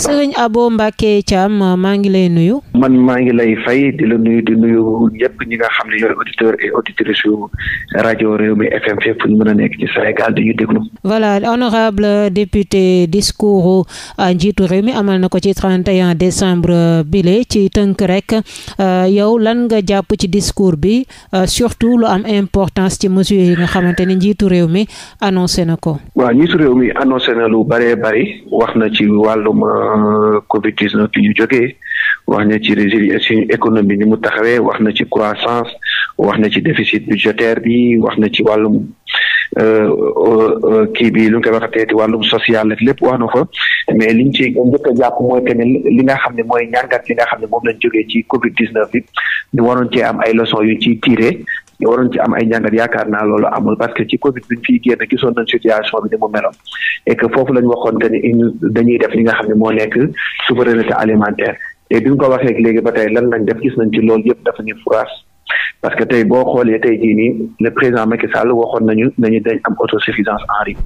Serigne Abo Mbacké Thiam maa ngi lay nuyu. man maa ngi lay fay di la nuyu di nuyu ñëpp ñi nga xam ne yooyu auditeurs et auditrices yu rajo Rewmi FM fépp ñu mën a nekk ci Sénégal di ñu déglu. voilà honorable député discours njiitu réew mi amal na ko ci 31 décembre bile ci tënk rek euh, yow lan nga jàpp ci discours bi euh, surtout lu am importance ci mesures yi nga xamante ne njiitu réew mi annoncé na ko. waaw njiitu réew mi annoncé na lu bëree bëri wax na ci wàllum. Euh, Covid 19 bi ñu jógee wax na ci résilience suñu économie ni mu taxawee wax na ci croissance wax na ci déficit budgétaire bi wax na ci wàllum euh, euh, euh, kii bi lu ñu koy waxatee di wàllum social ak lépp wax na ko mais liñ ci njëkk a mooy que ne li nga xam ne mooy ñàngat li nga xam ne moom lañ jógee ci Covid 19 bi ñu waroon cee am ay leçons yu ciy tiré waroon ci am ay njàngat yaakaar naa amul parce que ci Covid bi ñu fiy génn gisoon nañ situation bi ni mu waxoon que ni dañuy def li nga xam ne moo nekk souveraineté alimentaire et bi ñu ko waxee léegi ba tey lan lañ def gis nañ ci loolu yëpp dafa ñu furaas parce que tey boo xoolee tey jii nii le président Macky Sall waxoon nañu nañu dañ am autosuffisance en riz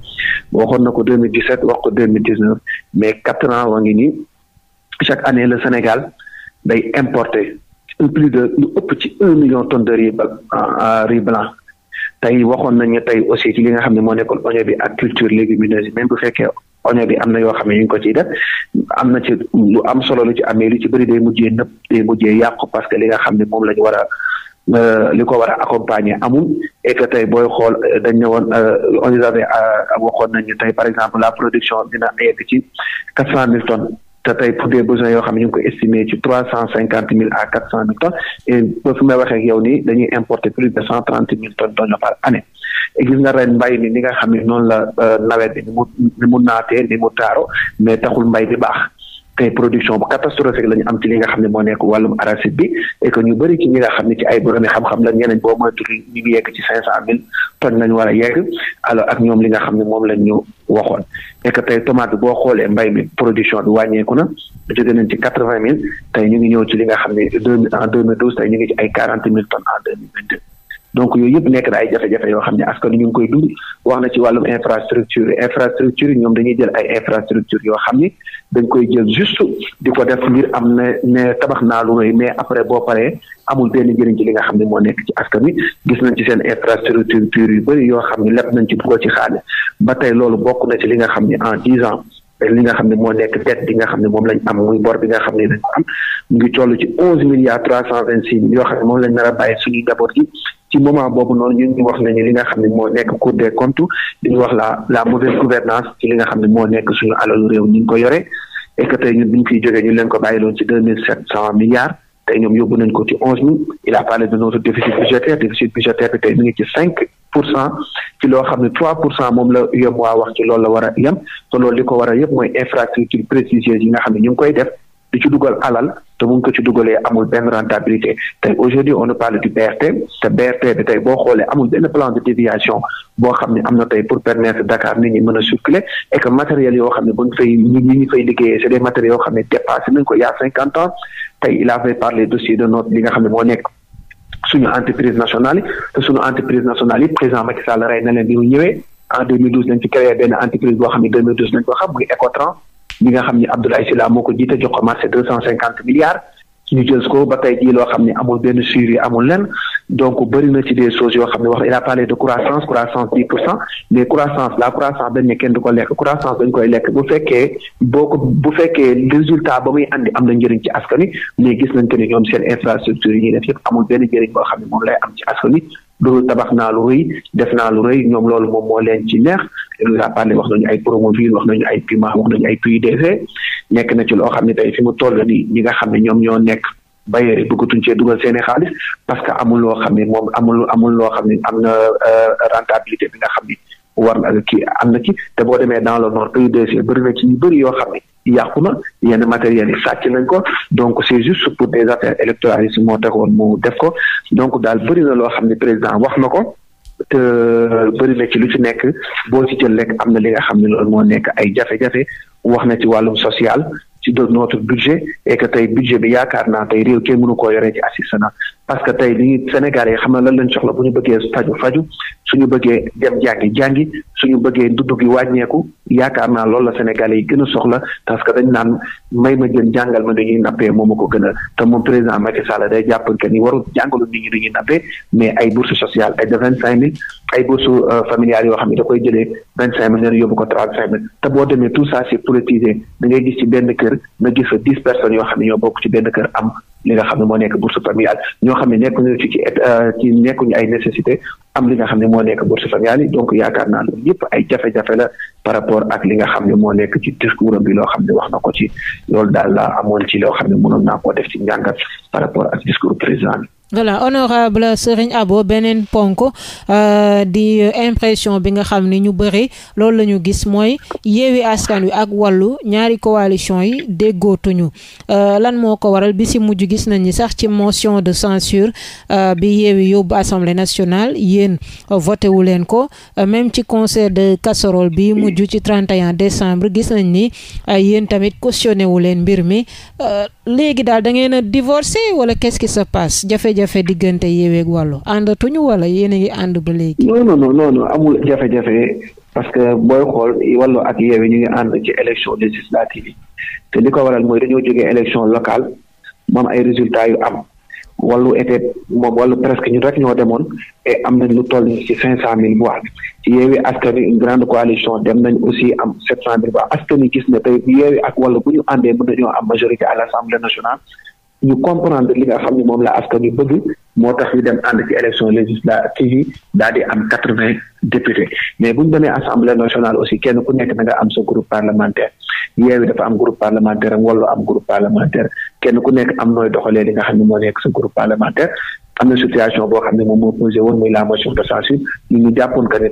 waxoon na ko 2017 wax ko 2019 mais quatre ans waa ngi nii chaque année le Sénégal day importer. plus de lu ëpp ci un million tonnes de riz ah, ah, riz blanc tey waxoon nañu tey aussi ci li nga xam ne moo nekkoon oignon bi ak culture légumineuse même bu fekkee oignon bi am na yoo xam ne ñu ko ciy def am na ci lu am solo lu ci amee lu ci bëri day mujjee nëpp day mujjee yàqu parce que li nga xam ne moom la ñu war a euh, li ko war a amul et tey booy xool euh, dañ ne woon euh, on avait waxoon nañu tey par exemple la production dina yegg ci quatre cent mille tonnes te tey pour des besoins yoo xam ne ñu ngi ko estimé ci trois cent cinquante mille à quatre cent mille tonnes et ba fi may waxee yow nii dañuy importer plus de cent trente mille tonnes d'oignon par mbay mi ni nga xam ne noonu la euh, nawet bi ni mu mu naatee ni mu taaro mais taxul mbay bi baax tey production bu catastrophique la ñu am ci li nga xam ne moo nekk wàllum arachide bi et que ñu bëri ci ñi nga xam ne ci ay borom xam-xam la ñeneen boo ñu ngi yegg ci cinq cent mille toñ lañ war a yegg alors ak ñoom li nga xam ne moom lañ ñu waxoon et que tey tomate boo xoolee mbay mi production bi wàññeeku na jóge nañ ci quatre vingt mille tey ñu ngi ñëw ci li nga xam ni deux mille en deux mille douze tey ñu ngi ay quarante mille tonnes en deux mille donc yooyu yëpp nekk na ay jafe-jafe yoo xam ne askan ñu ngi koy dugg wax na ci wàllum infrastructure infrastructure ñoom dañuy jël ay infrastructure yoo xam ni dañ koy jël juste di ko def ngir am ne ne tabax naa lu rëy mais après boo paree amul benn njëriñ ci li nga xam ne moo nekk ci askan wi gis nañ ci seen infrastructure yu bëri yoo xam ne lépp nañ ci dugal ci xaalis ba tey loolu bokk na ci li nga xam ni en dix ans li nga xam ne moo nekk dette bi nga xam ne moom lañ am muy bor bi nga xam ne dañ ko am ngi toll ci onze milliards trois cent vingt six yoo xam ne moom lañ nar a bàyyi suñuy njaboot gi ci moment boobu noonu ñun ñu wax ñu li nga xam ne moo nekk Cour des comptes di wax la la mauvaise gouvernance ci li nga xam ne moo nekk suñu alalu réew ñu ngi ko yore et que tey ñun ñu leen ko bàyyiloon ci deux mille sept cent milliards tey ñoom ko ci onze mille il a déficit budgétaire déficit budgétaire ngi ci cinq pour cent ci loo xam ne trois pour cent moom la yem waa wax ci loolu la war a yem te loolu li ko war a yëpp mooy infrastructure précieuse yi nga xam ne ñu ngi koy def di ci dugal alal te mu ngi ko ci dugalee amul benn rentabilité tey aujourd'hui on parle du BRT te BRT bi tey boo xoolee amul benn plan de déviation boo xam ne am na tey pour permettre Dakar nit ñi mën a circuler et que matériel yoo xam ne ba nañ ko il cinquante ans tey il avait parlé dossier de note li nga xam ne moo nekk suñu entreprise nationale yi te suñu entreprise nationale yi président Macky Sall rey na leen bi ñëwee en 2012 lañ fi bi nga xam ne Abdoulaye Sylla moo ko jiite jox ko marché deux cent cinquante milliards ñu jël ko ba tey jii loo xam ne amul benn suivi amul lenn donc bëri na ci des choses yoo xam ne wax il a parlé de croissance croissance dix pour cent mais croissance la croissance dañ ko lekk croissance dañ koy lekk bu fekkee boo ko bu fekkee résultat ba muy andi am na njëriñ ci askan wi mais gis nañ que ni ñoom seen infrastructure yi ñuy def yëpp amul benn njëriñ boo xam ne moom lay am ci askan tabax naa lu rëy def naa lu rëy ñoom loolu moom moo leen ci neex la pandé wax nañu ay promoville wax nañu ay piment wax nañu ay PUDC nekk na ci loo xam ne tey fi mu toll nii ñi nga xam ne ñoom ñoo nekk bailleurs yi bëggatuñ cee dugal seeni xaalis parce que amul loo xam ne moom amul amul loo xam ne am na euh, rentabilité bi xam ni war na kii am na ci te boo demee dans le nord PUDC bëri na ci ñu bëri yoo xam ne yàqu na yenn matériels yi sàcc nañ ko donc c' est juste pour des affaires électorales moo taxoon mu def ko donc daal bëri na loo xam ne président wax na ko. te bëri na ci lu ci nekk boo ci jël lekk am na li nga xam ne loolu moo nekk ay jafe-jafe wax na ci wàllum sociale ci de notre budget et que tey budget bi yaakaar naa tey réew kenn munu koo yoree ci assistanat parce que tey li Sénégal yi xam na lan lañ soxla bu ñu bëggee faju faju suñu bëggee dem jàngi jàngi suñu bëggee du gi wàññeeku yaakaar naa loolu la Sénégal yi gën a soxla parce que dañ naan may ma jën jàngal ma ñuy nappee moom a ko gën a te moom président Macky Sall day jàpp que ni warul jàngalu nit ñi nappee mais ay bourse sociale ay de vingt cinq mille ay bourse euh, familiale yoo xam ne da koy jëlee vingt cinq mille yóbbu ko trente te boo demee tout ça da ngay gis ci benn kër nga gis fa xam ne ñoo bokk ci benn kër am li nga xam ne moo nekk bourse familiale ñoo xam ne nekkuñu ci euh, ci nekkuñu ay nécessité am li nga xam ne moo nekk bourse familiale yi donc yaakaar naa loolu yëpp ay jafe-jafe la par rapport ak li nga xam ne moo nekk ci discours bi loo xam ne wax na ko ci loolu daal laa amoon ci loo xam ne mënoon naa koo def ci njàngat par rapport ak discours président bi voilà honorable Serigne Abo beneen ponk euh, di impression bi nga xam ni ñu bëri loolu la ñu gis mooy yeewi askan wi ak wàllu ñaari coalition yi déggootuñu euh, lan moo ko waral bi si mujj gis nañ ni sax ci motion de censure euh, bi yeewi yóbbu assemblée nationale yéen voté wu leen ko euh, même ci concert de casserole bi mujj ci 31 décembre gis nañ ni euh, yéen tamit cautionné wu leen mbir mi euh, léegi daal da ngeen a divorcé wala qu'est-ce qui se passe jafe-jafe diggante yeeweeg wàllu àndatuñu wala yéen a ngi ànd ba léegi. noonu non non amul jafe-jafe parce que booy xool wàllu ak yeewe ñu ngi ànd ci élection législative yi te li ko waral mooy dañoo jógee élection locale moom ay résultats yu am. wàllu était moom wàllu presque ñu rek ñoo demoon et am nañ lu toll ci cinq cent mille voix ci yeewi askan une grande coalition dem nañ aussi am sept cent mille voix askan yi gis na tey ak wàllu bu ñu àndee mën nañoo am majorité à l' assemblée nationale ñu comprendre li nga xam ne moom la askan wi bëgg moo tax ñu dem ànd ci élection législative yi daal di am quatre vingt députés mais bu ñu demee assemblée nationale aussi kenn ku nekk da am sa groupe parlementaire yeewi dafa am groupe parlementaire am wala am groupe parlementaire kenn ku nekk am nooy doxalee li nga xam ne moo nekk sa groupe parlementaire am na situation boo xam ne moom moo posé woon muy la motion de censure ñu ñu jàppoon que ne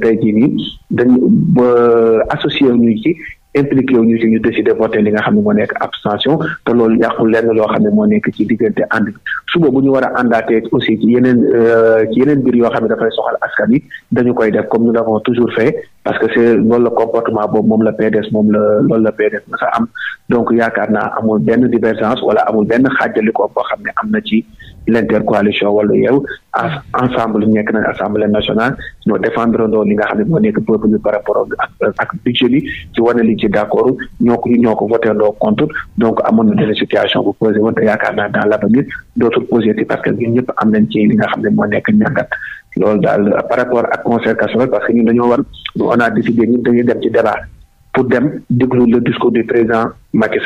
dañu ba ñu ci impliqué wu ñu ci ñu décidé voté li nga xam ne moo nekk abstention te loolu yàqul lenn loo xam ne moo nekk ci diggante ànd bi suba bu ñu war a àndaatee aussi yeneen euh, ci yeneen mbir yoo xam ne dafay soxal askan yi dañu koy def comme nous l'avons toujours fait parce que c'est loolu la moom la PDS moom la loolu la PDS nga sa am donc yaakaar naa amul benn divergence wala amul benn xaajaliko boo xam ne am na ci l'intercoalition wàllu yeew ensemble ñu nekk nañ assemblée nationale ñoo défendre ndoo li nga xam ne moo nekk peuple bi par rapport ak ak budget bi ci wane liñ d'accord ñoo ko ñoo ko voté ndoo contre na delle situation bu posé woon te yaakaar naa dans l'avenir dootul posé ti parce que ñun ñëpp am nañ ci li nga xam ne moo nekk ñàkkat loolu daal par rapport ak concertation parce que ñun dañoo war on a décidé ñun dañuy dem ci débat pour dem déglu le discours du président Macky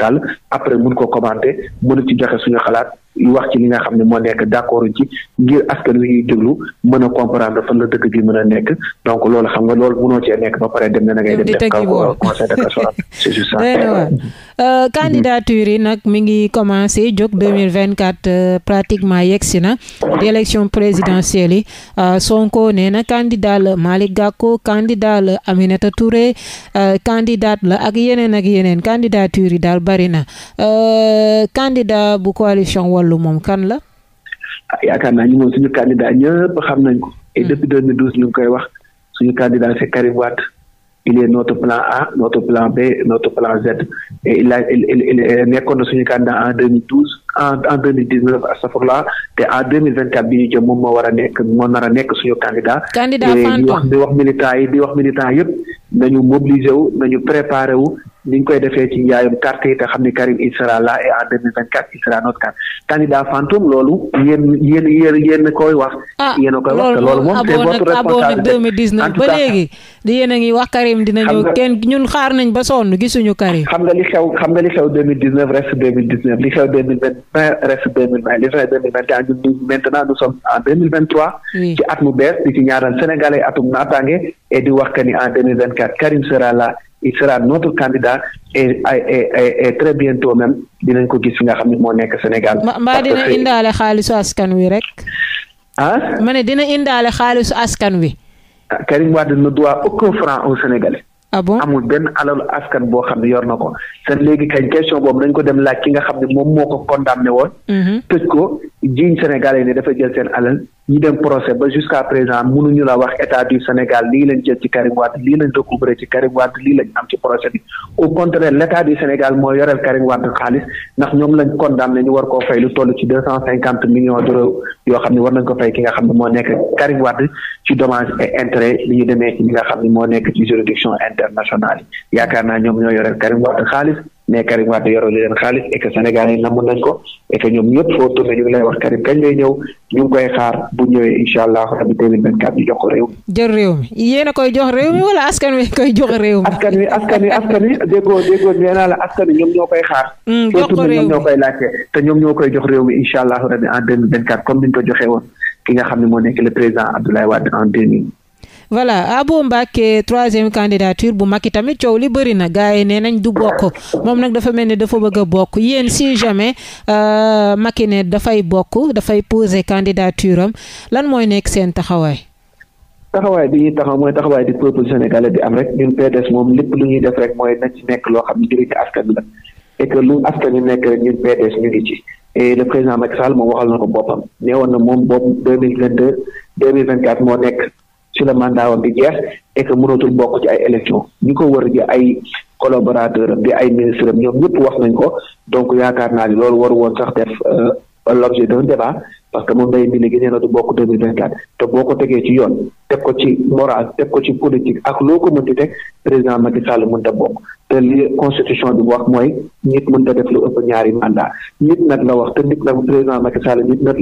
après mun ko commenter mën ci joxe suñu xalaat wax ci li nga xam ne moo nekk d'accord ci ngir askan wi ñuy déglu mën a comprendre fan la dëkk bi mën a nekk donc loolu xam nga loolu mënoo nekk ba pare dem na ngay dem def euh, candidature yi nag mi ngi commencé jóg 2024 euh, pratiquement yegsi na élection présidentielle yi euh, Sonko nee na candidat la Malick Gakou candidat la Aminata Touré candidat la ak yeneen ak yeneen candidature yi daal bari na bu coalition toll moom kan la. ah yaakaar naa ñu moom suñu candidat ñëpp xam nañ ko. et hmm. depuis 2012 ñu ngi koy wax suñu candidat c'est Karim Wade il est notre plan A notre plan B notre plan Z et il a il il nekkoon na suñu candidat en 2012 en en 2019 astafurlah te en 2024 bi ñu jëm moom moo war a nekk moo nar a nekk suñu candidat. candidat fantôme di wax di wax militants yi di wax militants yëpp nañu mobiliser ni ñu koy defee ci njaayum carte yi te xam ni Karim il sera là et en deux mille vingt quatre il sera notre can candidat fantôme loolu yéen yéen yéen yéen koy wax. Ah, yéen a koy wax te loolu moom c'est votre a ngi wax wax que ni en deux mille vingt quatre Karim sera là il sera notre candidat et et et, et très bientôt même dinañ ko gis fi nga xam ne moo nekk Sénégal. mbaa dina indaale xaalisu askan wi rek. ah. ma ne dina indaale xaalisu askan wi. Karim Wade na doit aucun franc au Sénégalais. ah bon amul benn alalu askan boo xam ne yor na ko. seen léegi kañ question boobu dañ ko dem laaj ki nga xam ne moom moo ko condamné woon. Mhm. tëj ko jiiñ Sénégalais ne dafa jël seen alal ñi dem procès ba jusqu'à présent mënuñu la wax état du Sénégal lii lañ jël ci Karim Wade lii lañ recouvrer ci Karim Wade lii lañ am ci procès bi au contraire l' du Sénégal moo yoreel Karim Wade xaalis ndax ñoom lañ condamné ñu war koo fay lu toll ci deux cent cinquante millions d'euros yoo xam ne war nañ ko fay ki nga xam ne moo nekk Karim Wade ci dommage et intérêt li ñu demee ci li nga xam ne moo nekk ci juridiction internationale yi yaakaar naa ñoom ñoo yoreel Karim Wade ne Karim Wade yoroo li leen xaalis et que Sénégal yi namm nañ ko et que ñoom ñëpp foo tourné ñu lay wax Karim kañ lay ñëw ñu ngi koy xaar bu ñëwee incha allah rabi 2024 ñu jox ko réew mi. jël yéen a koy jox réew mi wala askan wi koy jox réew mi. askan wi askan wi askan wi déggoo déggoo nee naa la askan wi ñoom ñoo koy xaar. Mm, jox ñoo koy laajte te ñoom ñoo koy jox réew mi incha allah rabi en 2024 ñu ko joxee woon ki nga xam ne moo nekk le président Abdoulaye Wade en 2000. voilà Abo Mbacké troisième candidature bu Macky tamit coow li bëri na gars yi nee nañ du bokk moom nag dafa mel ni dafa bëgg a bokk yéen si jamais euh, Macky ne dafay bokk dafay poser candidature am lan mooy nekk seen taxawaay. taxawaay bi ñuy taxaw mooy taxawaay di peuple sénégalais bi am rek ñun PDS moom lépp lu ñuy def rek mooy nekk loo xam ne njëriñu lu askan nekk ñun PDS ñu ngi ci. et le président Macky Sall moom waxal na ko boppam nee woon na moom bopp deux mille vingt deux deux mille moo nekk. si la mandat wam di jeex et que mënatul bokk ci ay élection ñi ko wër ji ay collaborateur am di ay ministre am ñoom ñëpp wax nañ ko donc yaakaar naa ni loolu waru woon sax def euh, l'objet d'un débat parce que moom day mili nee na du bokk 2024 te boo ko tegee ci yoon teg ko ci moral teg ko ci politique ak loo ko mënti teg président Macky Sall mënta bokk te li constitution bi wax mooy nit mënta def lu ëpp ñaari mandat nit nag la wax te nit la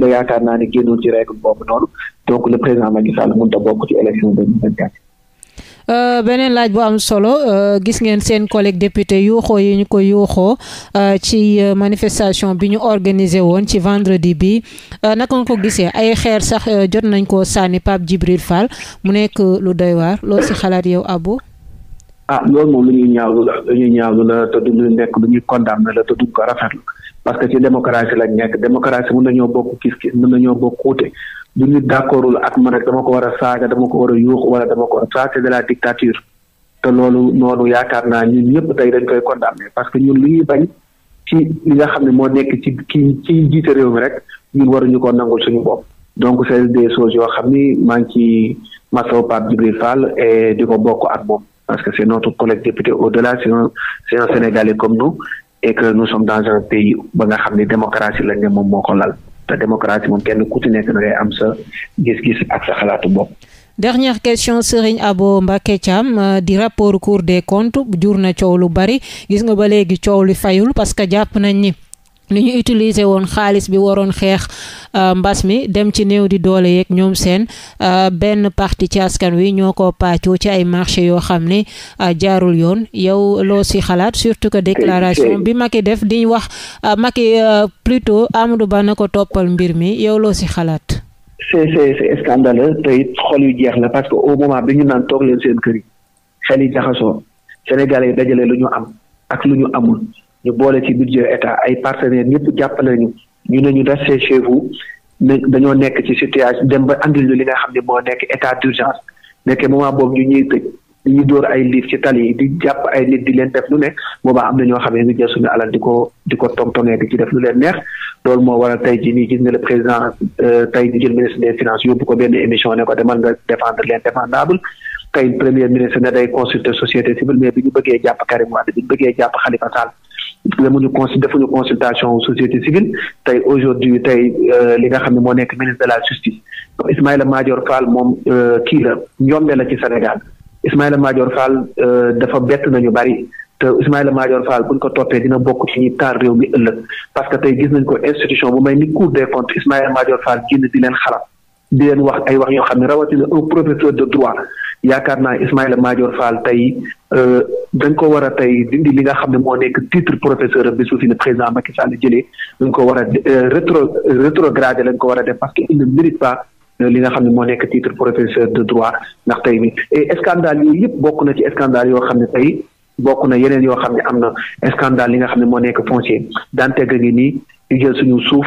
la yaakaar naa ne génnoon ci règle boobu noonu donc le président Macky Sall mënta bokk ci élection 2024 Euh, beneen laaj bu am solo euh, gis ngeen seen collègue député yuuxoo yi ñu ko yuuxoo euh, ci manifestation bi ñu organisé woon ci vendredi bi naka nga ko gisee ay xeer sax jot nañ ko sànni Pape Djibril Fall mu nekk lu doy waar loo si xalaat yow Abou ah loolu moom lu ñuy ñaawlu la lu ñuy ñaawlu la te du lu nekk lu ñuy condamné la te duñ ko rafetlu parce que ci démocratie lañ nekk démocratie mën nañoo bokk gis-gis mën nañoo bokk wuute du ñu d'accordul ak man dama ko war a saaga dama ko war a yuux wala dama ko ça c'est de la dictature te loolu noonu yaakaar naa ñun ñëpp tey dañ koy condamner parce que ñun lu ñuy bañ ci li nga xam ne moo nekk ci kii ci jiite réew mi rek ñun waruñu ko nangul suñu bopp donc c'est des choses yoo xam ni maa ngi ci Massaw Pape Djibril Fall et di ko bokk ak moom parce que c'est notre collègue député au-delà c'est un comme nous et que nous sommes dans un pays ba nga xam ne démocratie lañ ne moom moo ko lal te démocratie moom kenn ku ci am sa gis-gis ak sa xalaatu bopp. dernière question Serigne Abo Mbacké Thiam euh, di rapport Cour des comptes jur na coow lu bari gis nga ba léegi coow li fayul parce que jàpp nañ ni. ni ñu utiliser woon xaalis bi waroon xeex euh, mbas mi dem ci néew di doole yeeg ñoom seen euh, benn parti ci askan wi ñoo ko pàccoo ci ay marché yoo xam ne euh, jaarul yoon yow loo si xalaat surtout que déclaration bi Macky def di wax Macky plutôt Amadou Ba na ko toppal mbir mi yow loo si xalaat. c'est c'est scandaleux te xol yu jeex la parce que au moment bi ñu naan toog leen seen kër yi xel yi jaxasoo Sénégalais yi dajale lu ñu am ak lu ñu amul. ñu boole ci budget état ay partenaires ñëpp jàppale ñu ñu ne ñu restez chez vous dañoo nekk ci situation dem ba andil ñu li nga xam ne moo nekk état d'urgence nekkee moment boobu ñu ñuy tëj ñu dóor ay liif ci tali di jàpp ay nit di leen def lu ne boobaa am na ñoo xam ne ñu jël suñu alal di ko di ko tongtongee di ci def lu leen neex loolu moo waral tey jii nii gis nga le président euh, tey di jël ministre des finances yóbbu ko benn émission ne ko demal nga défendre l'indéfendable tey premier ministre ne day consulter société civile mais bi ñu bëggee jàpp Karim Wade bi ñu bëggee jàpp Khalifa Sall demuñu consul consultation société civile tey aujourd'hui tey euh, li nga xam ne moo nekk ministre de la justice Ismaïla Madior Fall moom euh, kii la njombe la ci Sénégal Ismaïla Madior Fall euh, dafa bett nañu bari te Ismaïla Madior Fall buñ ko toppee dina bokk ci ñi taal réew mi ëllëg parce que tey gis nañ ko institution bu may ni Cour des comptes Ismaïla Madior Fall génn di leen ay wax yoo xam ne rawatina un professeur de droit yaakaar naa Ismaïla Madior Fall tey euh, dañ ko war a tey dindi li nga xam ne moo nekk titre professeur bi su fi ne président Macky Sall dañ ko war a euh, rétro euh, rétrogradé lañ ko war a def parce que il ne mérite li nga xam ne moo nekk titre professeur de droit ndax tey mi et scandale yooyu yëpp bokk na ci scandale yoo xam ne tey bokk na yeneen yoo xam ne am na scandale li nga xam ne moo nekk foncier daanaka ngi nii di jël suñu suuf.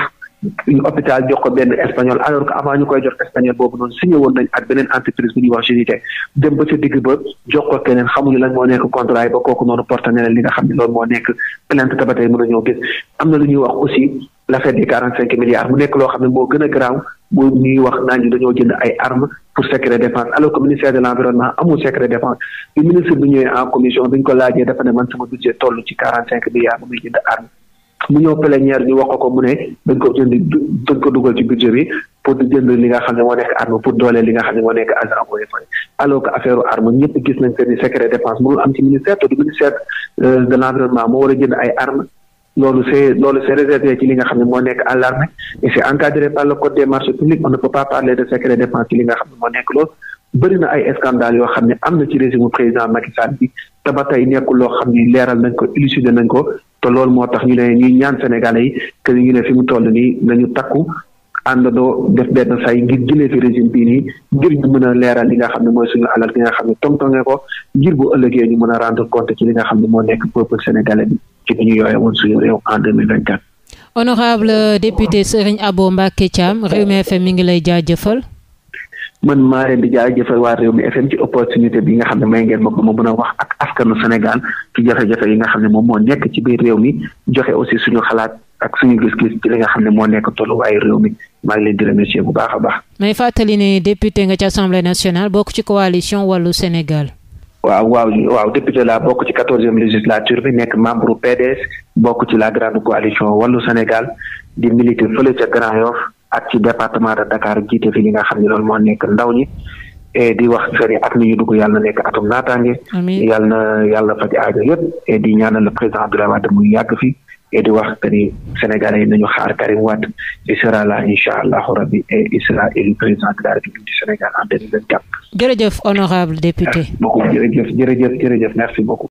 hôpital jox ko benn espagnol alors que avant ñu koy jox espagnol boobu noonu signé woon nañ ak beneen entreprise bu ñuy wax unité dem ba ca digg ba jox ko keneen xamuñu lan moo nekk contrat yi ba kooku noonu porté na li nga xam ne loolu moo nekk plainte te ba a ñoo gis am na lu ñuy wax aussi l'affaire des quarante cinq milliards mu nekk loo xam ne moo gën a garaaw moo ñuy wax naan ñu dañoo jënd ay armes pour secret défense alors que ministère de l'environnement amul mu ñëw plénière ñu wax ko mu ne dañ ko jënd dañ dugal ci budget pour di li nga xam ne moo nekk arme pour dooleel li nga xam ne moo nekk agent arme ñëpp gis nañ que ni secret dépense mënul am ci ministère te du ministère euh, de l'environnement moo war a jënd ay arme loolu c'est loolu c'est ci li nga xam ne moo nekk à l'armée si c'est encadré par le code des marchés publics on ne peut pas parler de secret dépense ci li nga xam ne moo nekk loolu bëri na ay scandale yoo xam ne am na ci régime président Macky Sall bi te ba tey nekkul loo xam ne leeral nañ ko élucider nañ ko te loolu moo tax ñu ne ñuy ñaan Sénégalais yi que ñu ne fi mu toll nii nañu takku àndandoo def benn say ngir jëlee fi régime bii nii ngir ñu mën a leeral li nga xam ne mooy suñu alal gi nga xam ne tongtonge ko ngir bu ëllëgee ñu mën a rendre compte ci li nga xam ne moo nekk peuple sénégalais bi ci bi ñu yooye woon suñu réew en deux mille vingt quatre honorable député Serigne Abo Mbacké Thiam Rewmi FM mi ngi lay jaajëfal man maa leen di jaajëfal waa réew mi FM ci opportunité bi nga xam ne may ngeen ma ko ma mën a wax ak askanu Sénégal ci jafe-jafe yi nga xam ne moom moo nekk ci biir réew mi joxe aussi suñu xalaat ak suñu gis-gis ci li nga xam ne moo nekk tolluwaayu réew mi maa ngi leen di remercier bu baax a baax. may fàttali ne député nga ci assemblée nationale bokk ci coalition wàllu Sénégal. waaw waaw waaw député laa bokk ci quatorzième législature bi nekk membre PDS bokk ci la grande coalition wàllu Sénégal di militer fële ca Grand Yoff ak ci département de Dakar jiite fi li nga xam ne loolu moo nekk ndaw ñi et di wax feri at mi ñu dugg yàlla na nekk atum naataange. yàlla na yàlla faj aajo yëpp et ñaanal président Abdoulaye Wade muy yàgg fi. et wax que ni Sénégalais yi nañu xaar Karim Wade il sera là incha allahu rabbi et il président de la République du Sénégal en deux mille vingt quatre. jërëjëf honorable député. merci